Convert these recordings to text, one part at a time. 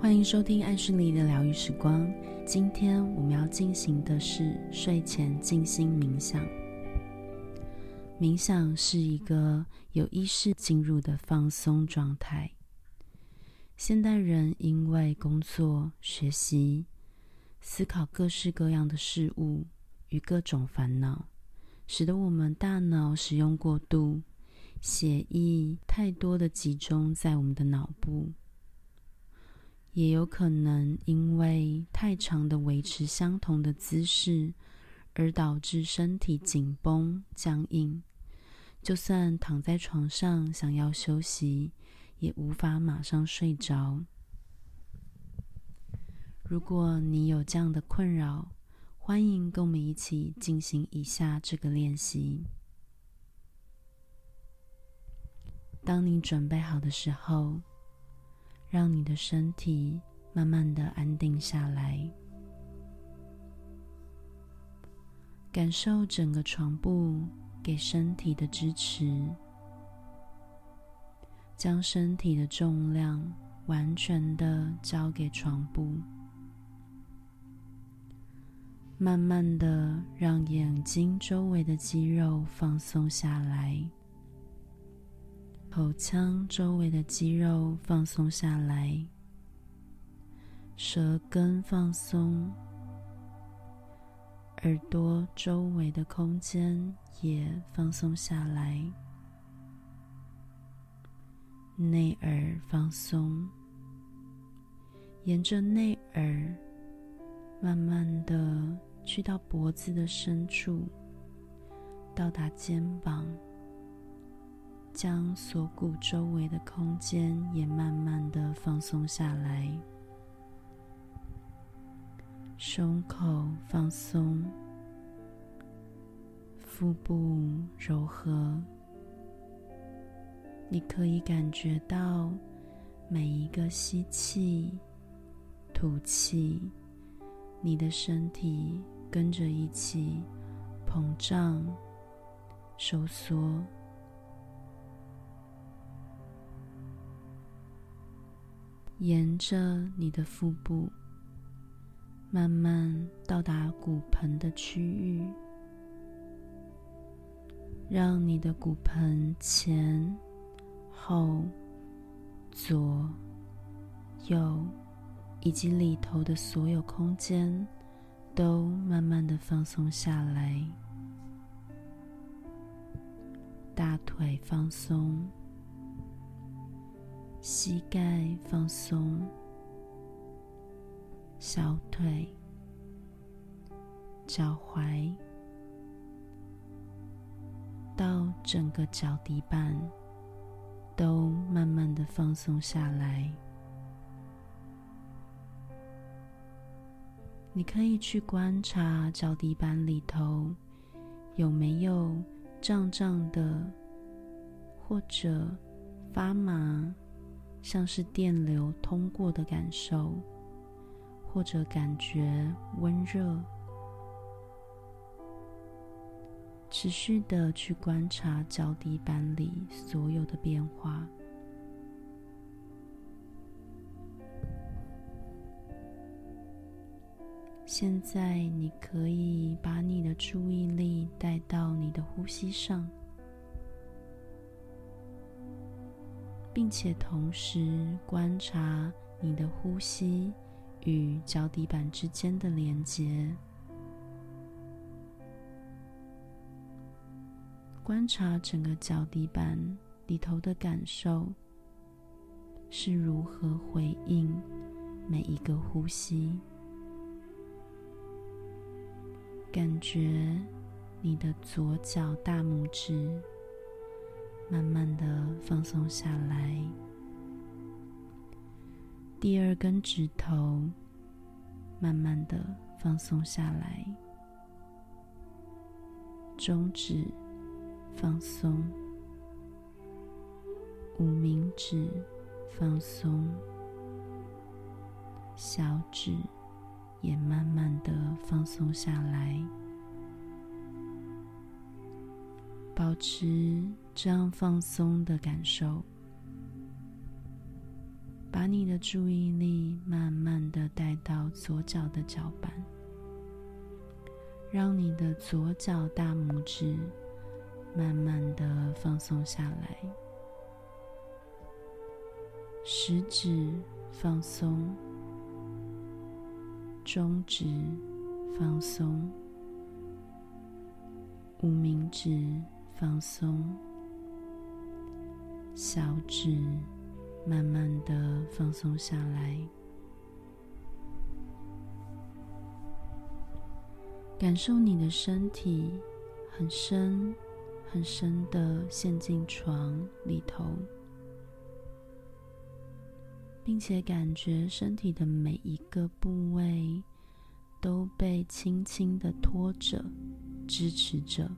歡迎收聽愛旭黎的療癒時光。今天我們要進行的是睡前靜心冥想。冥想是一個有意識進入的放鬆狀態。現代人因為工作、學習、思考各式各樣的事物與各種煩惱，使得我們大腦使用過度，血液太多的集中在我們的腦部。也有可能因為太長的維持相同的姿勢，而導致身體緊繃僵硬，就算躺在床上想要休息，也無法馬上睡着。如果你有這樣的困擾，歡迎跟我們一起進行以下這個練習。當你準備好的時候。讓你的身體慢慢的安定下來，感受整個床鋪給身體的支持，將身體的重量完全的交給床鋪，慢慢的讓眼睛周圍的肌肉放鬆下來。口腔周圍的肌肉放鬆下來，舌根放鬆，耳朵周圍的空間也放鬆下來，內耳放鬆，沿着內耳慢慢的去到脖子的深處，到達肩膀。將鎖骨周圍的空間也慢慢的放鬆下來，胸口放鬆，腹部柔和。你可以感覺到每一個吸氣、吐氣，你的身體跟着一起膨脹、收縮。沿着你的腹部，慢慢到達骨盆的區域，讓你的骨盆前後、左、右，以及裡頭的所有空間，都慢慢的放鬆下來，大腿放鬆。膝蓋放鬆，小腿、腳踝到整個腳底板都慢慢的放鬆下來。你可以去觀察腳底板裡頭有沒有脹脹的，或者發麻。像是電流通過的感受，或者感覺溫熱，持續的去觀察腳底板裡所有的變化。現在，你可以把你的注意力帶到你的呼吸上。並且同時觀察你的呼吸與腳底板之間的連接，觀察整個腳底板裡頭的感受是如何回應每一個呼吸，感覺你的左腳大拇指。慢慢的放鬆下來，第二根指頭慢慢的放鬆下來，中指放鬆，無名指放鬆，小指也慢慢的放鬆下來。保持這樣放鬆的感受，把你的注意力慢慢的帶到左腳的腳板，讓你的左腳大拇指慢慢的放鬆下來，食指放鬆，中指放鬆，無名指。放鬆，小指慢慢的放鬆下來，感受你的身體很深很深的陷進床裡頭，並且感覺身體的每一個部位都被輕輕的託着、支持着。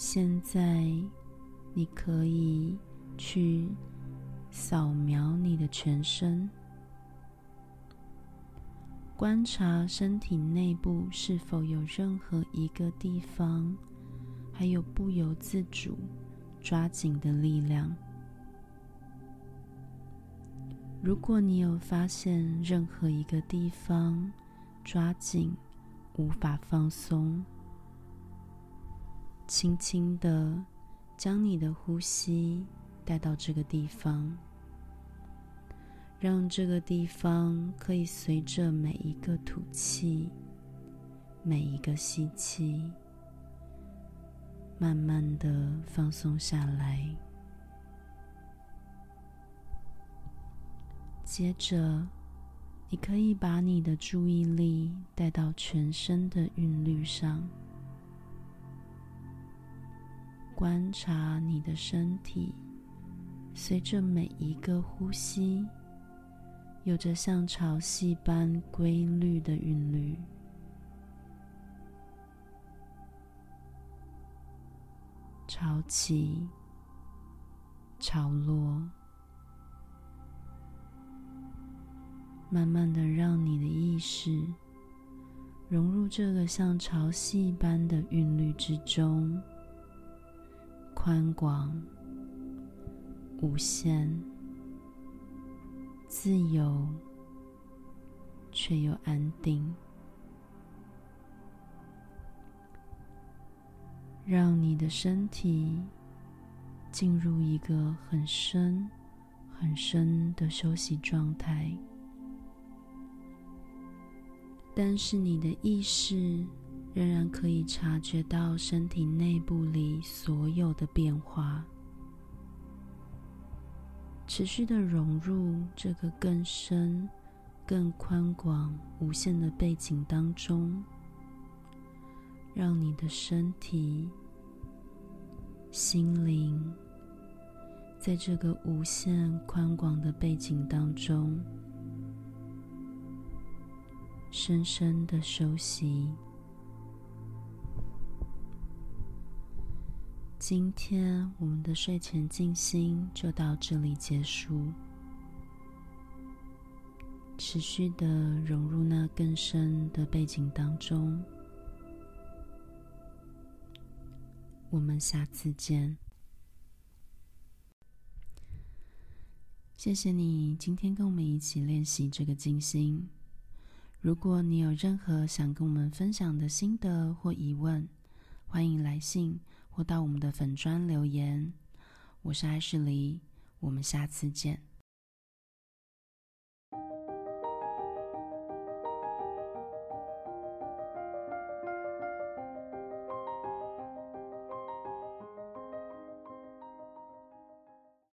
現在，你可以去掃描你的全身，觀察身體內部是否有任何一個地方還有不由自主抓緊的力量。如果你有發現任何一個地方抓緊無法放鬆。輕輕的將你的呼吸帶到這個地方，讓這個地方可以隨着每一個吐氣、每一個吸氣，慢慢的放鬆下來。接着，你可以把你的注意力帶到全身的韻律上。觀察你的身體，隨着每一個呼吸，有着像潮汐般規律的韻律，潮起潮落。慢慢的，讓你的意識融入這個像潮汐般的韻律之中。寬廣、無限、自由，卻又安定，讓你的身體進入一個很深、很深的休息狀態，但是你的意識，仍然可以察覺到身體內部裡所有的變化，持續的融入這個更深、更寬廣、無限的背景當中，讓你的身體、心靈，在這個無限寬廣的背景當中，深深的休息。今天我們的睡前靜心就到這裡結束。持續地融入那更深的背景當中。我們下次見。謝謝你今天跟我們一起練習這個靜心。如果你有任何想跟我們分享的心得或疑問，歡迎來信。或到我們的粉專留言，我是愛旭黎，我們下次見。